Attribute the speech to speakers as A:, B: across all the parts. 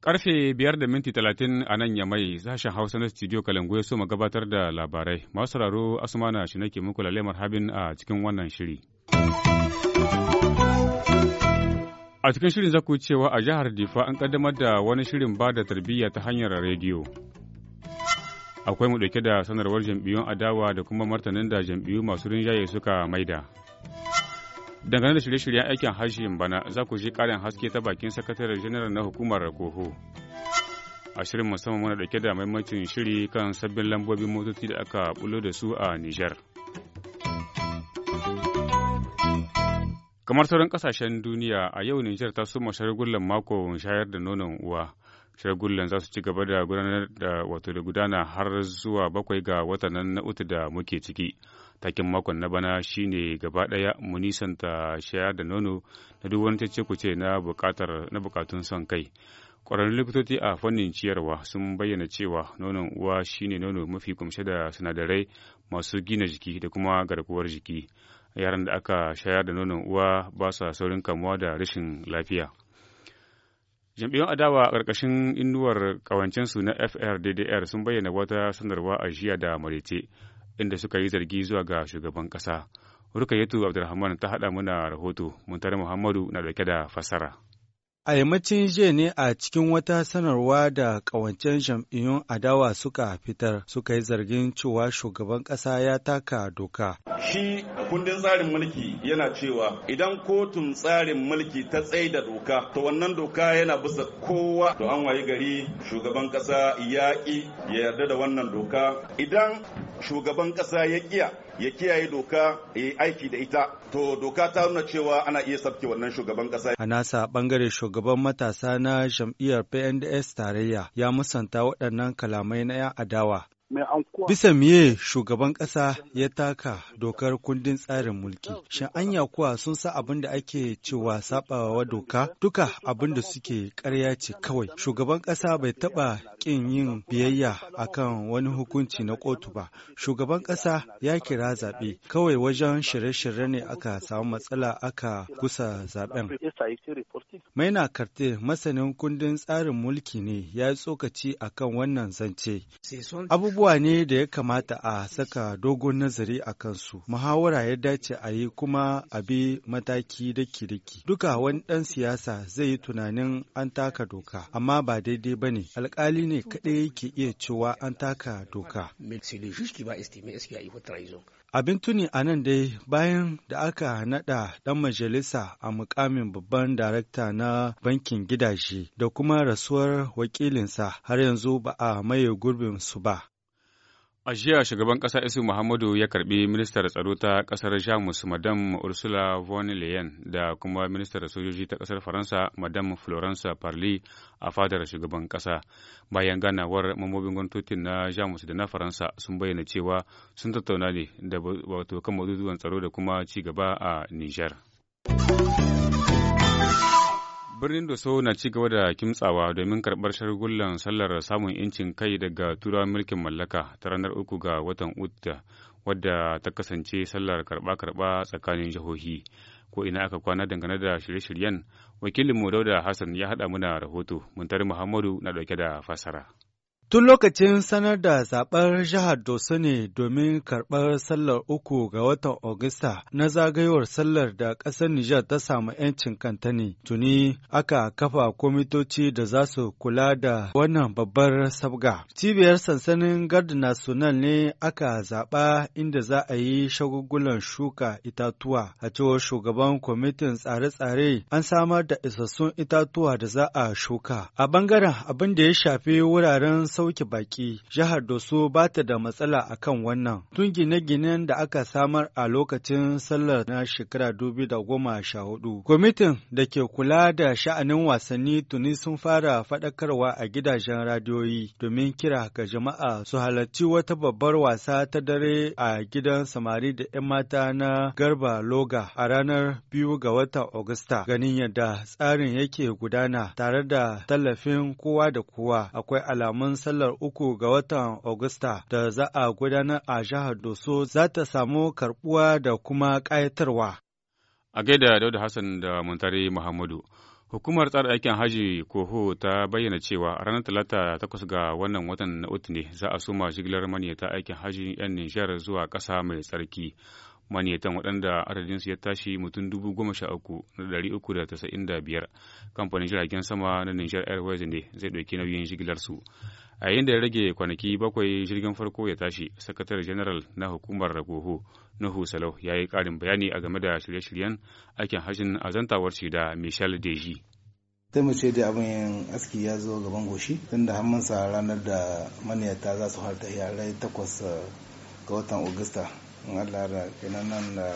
A: Karfe biyar da minti talatin a nan ya mai sashen Hausa na studio Kalangu ya so mu gabatar da labarai. Masu sauraro Asumana shi nake muku lalemar marhabin a cikin wannan shiri. A cikin shirin zaku cewa a jihar Difa an kaddamar da wani shirin ba da tarbiyya ta hanyar rediyo. akwai mu dauke da sanarwar jam'iyyun adawa da kuma martanin da jam'iyyu masu rinjaye suka maida dangane da shirye-shiryen aikin hajjin bana za ku ji karin haske ta bakin sakataren janar na hukumar koho a shirin musamman muna dauke da maimacin shiri kan sabbin lambobin motoci da aka bulo da su a nijar kamar sauran ƙasashen duniya a yau nijar ta suma shargullan mako shayar da nonon uwa shagullan za su ci gaba da gudanar da wato da gudana har zuwa bakwai ga watan na uku da muke ciki takin makon na bana shine gaba daya mu nisanta shayar da nono na duk wani ce na bukatar na bukatun son kai kwararrun likitoci a fannin ciyarwa sun bayyana cewa nonon uwa shine nono mafi kumshe da sinadarai masu gina jiki da kuma garkuwar jiki yaran da aka shayar da nonon uwa ba sa saurin kamuwa da rashin lafiya Jam'iyyun adawa a ƙarƙashin inuwar ƙawancensu na FRDDR sun bayyana wata sanarwa a jiya da marece inda suka yi zargi zuwa ga shugaban ƙasa. rukayyatu Abdulrahman ta haɗa mana rahoto, muntare Muhammadu na ɗauke da fassara.
B: A yammacin ne a cikin wata sanarwa da ƙawancen jam'iyyun adawa suka fitar suka yi zargin cewa shugaban ƙasa ya taka doka. Shi kundin tsarin mulki yana cewa idan kotun tsarin mulki ta tsaye da doka, to wannan doka yana bisa kowa to an wayi gari shugaban ƙasa ya ƙi ya yarda da wannan doka. Idan shugaban ƙasa ya ƙiya ya kiyaye doka ya yi aiki da ita to doka ta nuna cewa ana iya sabke wannan shugaban kasa a nasa bangare shugaban matasa na jam'iyyar pnds tarayya ya musanta waɗannan kalamai na 'yan adawa Bisa miye shugaban ƙasa ya taka dokar kundin tsarin mulki, shin an kuwa sun sa abin da ake cewa sabawa doka duka abin da suke ƙarya ce kawai. Shugaban ƙasa bai taɓa ƙin yin biyayya akan wani hukunci na kotu ba. Shugaban ƙasa ya kira zaɓe, kawai wajen shirye-shirye ne aka samu matsala aka kusa zaɓen. Maina Karte masanin kundin tsarin mulki ne ya yi tsokaci akan wannan zance. Abubuwa abubuwa ne da ya kamata a saka dogon nazari a kansu, muhawara ya dace a yi kuma a bi mataki daki-daki. Duka wani ɗan siyasa zai yi tunanin an taka doka, amma ba daidai ba ne, alƙali ne kaɗai yake iya cewa an taka doka. Abin tuni a nan dai bayan da aka nada ɗan majalisa a mukamin babban darakta na bankin gidaje da kuma rasuwar wakilinsa har yanzu ba a maye gurbin su ba.
A: A jiya shugaban ƙasa Isu Muhammadu ya karbi ministar tsaro ta ƙasar Jamus Madam Ursula von Leyen da kuma ministar sojoji ta ƙasar Faransa Madam Florence Parly a fadar shugaban ƙasa. Bayan ganawar mamobin gwamnatocin na Jamus da na Faransa sun bayyana cewa sun tattauna ne da wato kan tsaro da kuma ci gaba a Nijar. Birnin Doso na ci gaba da kimtsawa domin karɓar shargullan sallar samun incin kai daga turawa mulkin mallaka ta ranar uku ga watan Utta wadda ta kasance sallar karɓa-karɓa tsakanin jihohi. Ko ina aka kwana dangane da shirye-shiryen, wakilinmu Dauda Hassan ya haɗa muna rahoto, Muntari Muhammadu na ɗauke da fasara.
B: Tun lokacin sanar da zaɓar jihar Doso domin karɓar sallar uku ga watan Agusta na zagayowar sallar da ƙasar Nijar ta samu 'yancin kanta ne. Tuni aka kafa kwamitoci da za su kula da wannan babbar sabga. Cibiyar sansanin Garda National ne aka zaɓa inda za a yi shagugulan shuka itatuwa. A cewar shugaban kwamitin tsare-tsare an samar da isassun itatuwa da za a shuka. A bangaren abin da ya shafi wuraren sauke baki, jihar Doso ba ta da matsala a kan wannan. Tun gine-ginen da aka samar a lokacin sallar na shekara da goma sha hudu. Kwamitin da ke kula da sha'anin wasanni tuni sun fara faɗakarwa a gidajen radiyoyi domin kira ga jama'a su halarci wata babbar wasa ta dare a gidan samari da 'yan mata na Garba Loga a ranar biyu ga watan Agusta. Ganin yadda tsarin yake gudana tare da tallafin kowa da kowa akwai alamun sallar uku ga watan Agusta da za a gudanar a jihar Doso za ta samu karbuwa da kuma kayatarwa.
A: A gaida Dauda Hassan da Muntari Muhammadu. Hukumar tsara aikin haji Koho ta bayyana cewa ranar Talata takwas ga wannan watan na uku ne za a soma jigilar maniyata aikin haji 'yan Nijar zuwa ƙasa mai tsarki. manyatan waɗanda adadinsu ya tashi mutum dubu goma sha uku na ɗari uku da tasa'in da biyar. Kamfanin jiragen sama na Nijar Airways ne zai ɗauki nauyin jigilarsu. a yayin da ya rage kwanaki bakwai jirgin farko ya tashi sakatare general na hukumar ragoho nuhu salau ya yi karin bayani a game da shirye-shiryen aikin hajjin azantawar shi da michel deji
B: ta mu ce da yin aski ya zo gaban goshi tunda hannunsa ranar da maniyata za su harta yare takwas eh, ga watan augusta in allah da kenan nan da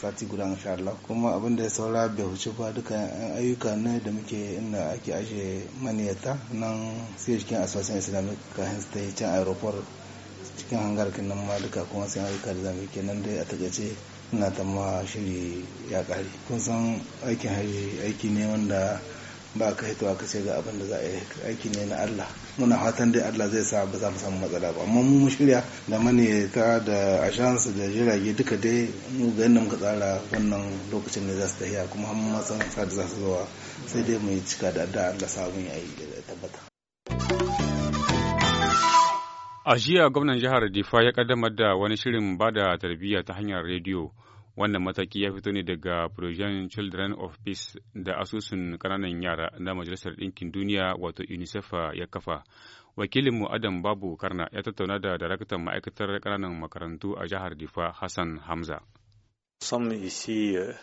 B: sati guda insha allah kuma abin da ya saura bai huce ba duka yan ayyuka ne da muke inda ake ajiye maniyata nan sai cikin asusun islamic kahin su can aeroport cikin hangar kinan ma duka kuma sai ayyuka da zamu nan dai a takaice ina ta ma shiri ya kare kun san aikin haji aiki ne wanda ba ka hitowa ka ce ga abin da za a yi aiki ne na Allah muna fatan dai Allah zai sa ba za mu samu matsala ba amma mu shirya da ta da ashansu da jirage duka dai mu ga yadda muka tsara wannan lokacin da za su tafiya kuma har ma san sa da za su zuwa sai dai mu yi cika da da Allah sa mun yi tabbata
A: A jiya gwamnan jihar Difa ya kaddamar da wani shirin bada tarbiyya ta hanyar rediyo Wannan mataki ya fito ne daga Projen Children of Peace da asusun kananan yara na Majalisar Ɗinkin Duniya wato UNICEF ya kafa. Wakilinmu Adam Babu Karna ya tattauna da daraktan ma'aikatar kananan makarantu a jihar Difa Hassan Hamza.
B: Uh,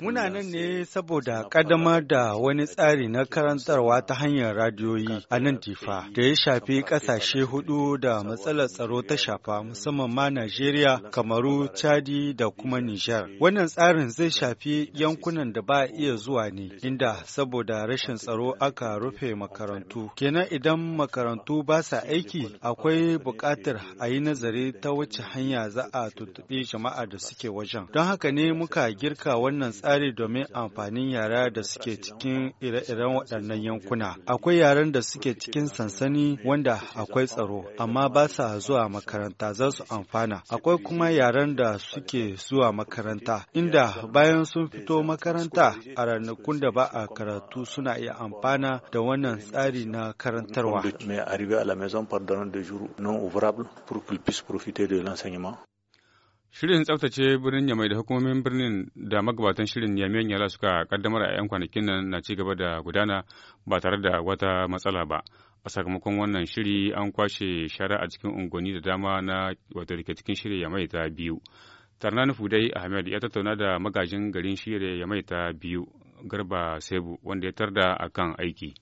B: Muna nan ne saboda kadamar da wani tsari na karantarwa ta hanyar radiyoyi a nan Tifa da ya shafi ƙasashe hudu da matsalar tsaro ta shafa musamman ma Najeriya, Kamaru, Chadi da kuma Nijar. Wannan tsarin zai shafi yankunan da ba iya zuwa ne inda saboda rashin tsaro aka rufe makarantu. Kenan idan makarantu ba sa aiki akwai buƙatar a yi nazari ta wace hanya za a jama'a da suke wajen. Don haka ne muka muka girka wannan tsari domin amfanin yara da suke cikin ire-iren waɗannan yankuna. Akwai yaran da suke cikin sansani wanda akwai tsaro, amma ba sa zuwa makaranta za su amfana. Akwai kuma yaran da suke zuwa makaranta, inda bayan sun fito makaranta a ranakun da ba a karatu suna iya amfana da wannan tsari na karantarwa.
A: Shirin tsaftace birnin Yamai da hukumomin birnin da magabatan shirin Yamiyan Yala suka kaddamar a 'yan kwanakin nan na cigaba da gudana ba tare da wata matsala ba. A sakamakon wannan shiri an kwashe shara a cikin unguwanni da dama na wata rike cikin shirin Yamai ta biyu. Tarnan Fudai Ahmed ya tattauna da magajin garin shirin Yamai ta biyu Garba Sebu wanda ya tarda akan aiki.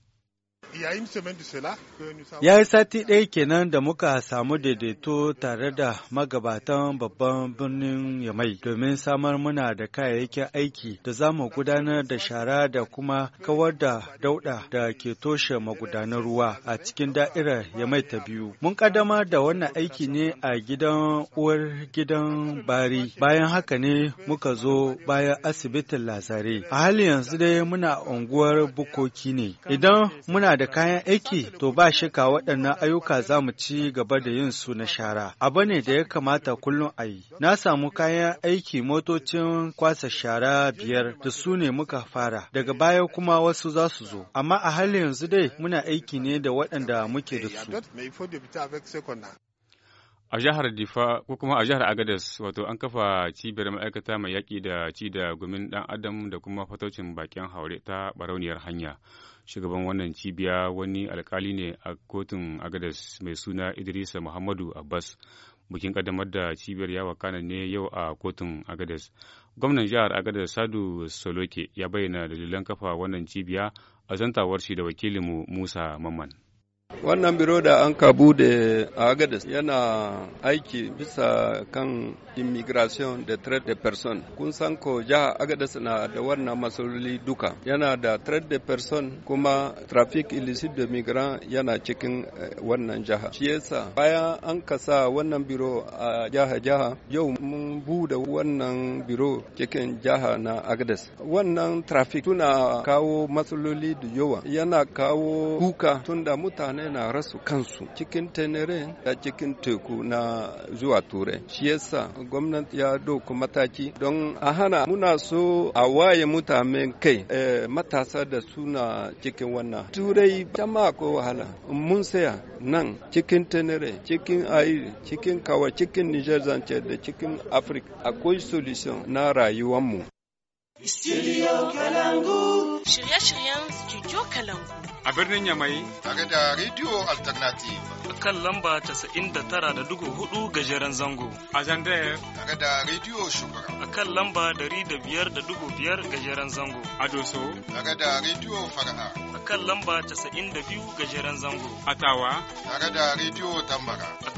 C: Ya yi
B: sati ɗaya kenan da muka samu daidaito tare da magabatan babban birnin Yamai domin samar muna da kayayyakin aiki da za mu gudanar da shara da kuma kawar da dauɗa da ke toshe magudanar ruwa a cikin da'irar Yamai ta biyu. Mun ƙaddamar da wannan aiki ne a gidan uwar gidan Bari. Bayan haka ne muka zo bayan asibitin Lazare. A halin yanzu dai muna unguwar Bukoki ne. Idan muna da kayan aiki to ba shi ka waɗannan ayyuka za mu ci gaba da yin su na shara. Abu ne da ya kamata kullum a yi. Na samu kayan aiki motocin kwasa shara biyar da su ne muka fara. Daga baya kuma wasu za su zo. Amma a halin yanzu dai muna aiki ne da waɗanda muke da su.
A: A jihar Difa ko kuma a jihar Agadez wato an kafa cibiyar ma'aikata mai yaƙi da ci da gumin ɗan adam da kuma fataucin bakin haure ta barauniyar hanya. shugaban wannan cibiya wani alkali ne a kotun agadas mai suna idrisa muhammadu abbas bikin kaddamar da cibiyar yawa kana ne yau a kotun agadas gwamnan jihar agadas sadu soloke ya bayyana dalilan kafa wannan cibiya a zantawar shi da wakilinmu musa mamman
D: Wannan biro da an kabu da agadis yana aiki bisa kan immigration da trade de person. Kun san ko jiha agadis na da wannan masaloli duka. Yana da trade de person kuma traffic illicit de migrant yana cikin eh, wannan jiha. Shi yasa bayan an kasa wannan biro a jiha jiha yau mun bude wannan biro cikin jiha na agadis Wannan traffic tuna kawo masaloli da yawa. Yana kawo kuka tunda mutane na rasu kansu cikin tenere da cikin teku na zuwa ture. shi yasa gwamnati ya doku mataki don a hana muna so a waye mutane kai eh, matasa da suna cikin wannan turai jama ko wahala mun saya nan cikin tenere cikin ayi cikin kawa cikin niger zance da cikin afirka akwai solution na rayuwarmu
B: Studio Kalangu. Shirye-shiryen Studio Kalangu.
D: A birnin Yamai. Tare da Radio Alternative. A kan
B: lamba 99.4 gajeren zango. A Zandaya. Tare da Radio Shugura. A kan lamba 105.5 gajeren zango. A Doso. Tare da Radio Fara'a. A kan lamba 92 gajeren zango. A Tawa. Tare da Radio tambar.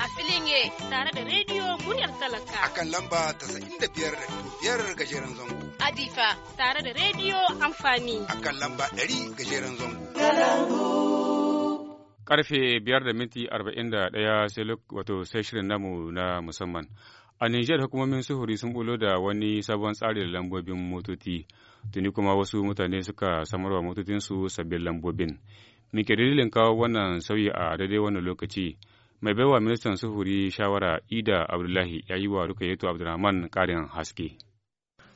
D: a filin ye tare da rediyo muryar talaka. A kan lamba tasa'in da biyar da biyar gajeren zango. Adifa tare da rediyo amfani. A kan lamba ɗari gajeren zango.
A: Karfe biyar da minti arba'in da ɗaya sai wato sai shirin namu na musamman. A Nijar hukumomin sufuri sun bulo da wani sabon tsarin lambobin motoci. Tuni kuma wasu mutane suka samarwa motocinsu sabbin lambobin. Mike dalilin kawo wannan sauyi a daidai wannan lokaci. mai baiwa ministan suhuri shawara ida abdullahi ya yi wa rukayyato abdulrahman karin haske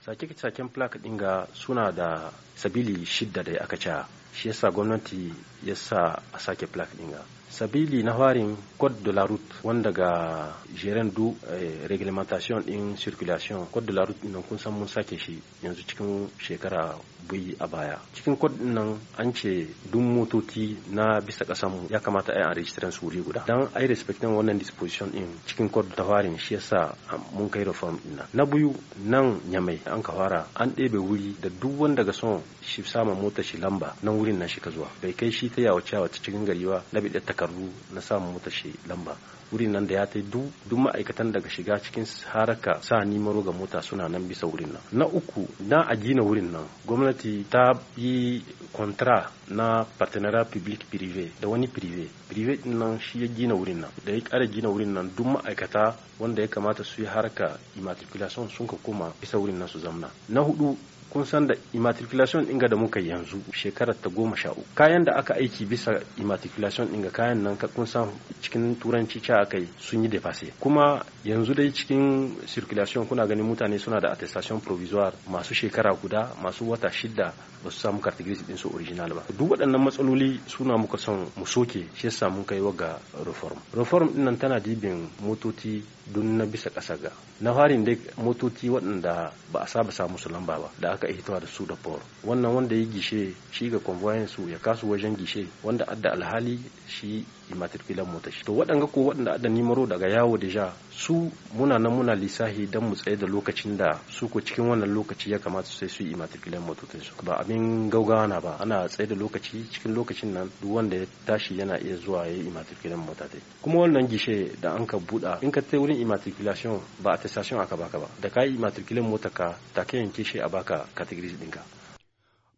C: sake-saken plak ɗin ga suna da sabili shidda da aka ca shi yasa gwamnati ya sa a sake plaque ɗin sabili na farin code de la route wanda ga jeren du eh, reglementation din circulation code de la route din kun san mun sake shi yanzu cikin shekara bai a baya cikin code din nan an ce duk motoci na bisa kasan ya kamata ai an su wuri guda dan ai respecting wannan disposition in cikin code ta farin shi yasa mun kai reform din nan na biyu nan nyamai an ka fara an ɗebe wuri da duk wanda ga son shi sama motar shi lamba nan wurin na shi ka zuwa bai kai shi ta yawace yawace cikin gari ba na biɗe takardu na samu mota shi lamba wurin nan da ya ta duk ma'aikatan daga shiga cikin haraka sa ni maro ga mota suna nan bisa wurin nan na uku na a gina wurin nan gwamnati ta yi kontra na partenariat public privé da wani privé privé nan shi ya gina wurin nan da ya kara gina wurin nan duk ma'aikata wanda ya kamata su yi haraka immatriculation sun ka koma bisa wurin nan su zamna na hudu kun san da immatriculation ɗin da muka yanzu shekarar ta goma sha uku kayan da aka aiki bisa immatriculation ɗin kayan nan kun san cikin turanci ca aka yi sun yi defase kuma yanzu dai cikin circulation kuna ganin mutane suna da attestation provisoire masu shekara guda masu wata shida ba su samu cartography ɗin su original ba duk waɗannan matsaloli suna muka son mu soke shi yasa mun kai ga reform reform ɗin nan tana dibin motoci dun na bisa ƙasa ga na farin dai motoci waɗanda ba a saba samu su lamba ba da aka hitowa da su da bor wannan wanda ya gishe shi ga convoyance ya kasu wajen gishe wanda adda alhali shi imatrikulan motar shi to waɗanga ko waɗanda da nimaro daga yawo da deja su muna nan muna lissahi don mu tsaye da lokacin da su ko cikin wannan lokaci ya kamata sai su yi imatrikulan motocin su ba abin gaugawa na ba ana tsaye da lokaci cikin lokacin nan duk wanda ya tashi yana iya zuwa ya yi imatrikulan mota dai kuma wannan gishe da an ka buɗa in ka tai wurin imatrikulation ba a tasashen aka baka ba da ka yi imatrikulan mota ka ta yanke shi a baka categories ɗinka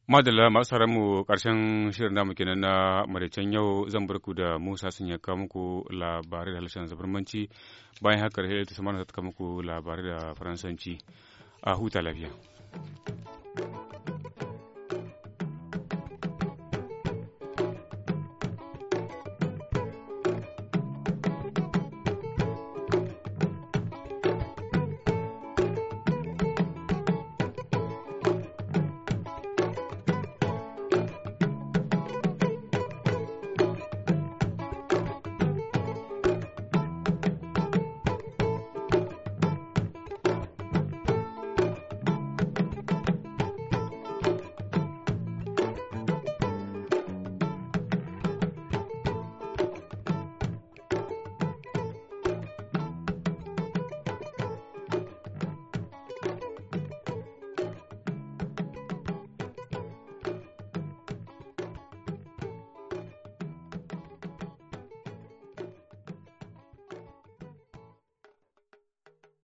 A: Madalla masu sauran mu ƙarshen shirin namu kenan na maraicen yau zan barku da Musa sun ya kawo muku labarai da harshen zabarmanci bayan haka da ta samar ta kawo muku labarai da faransanci a huta lafiya.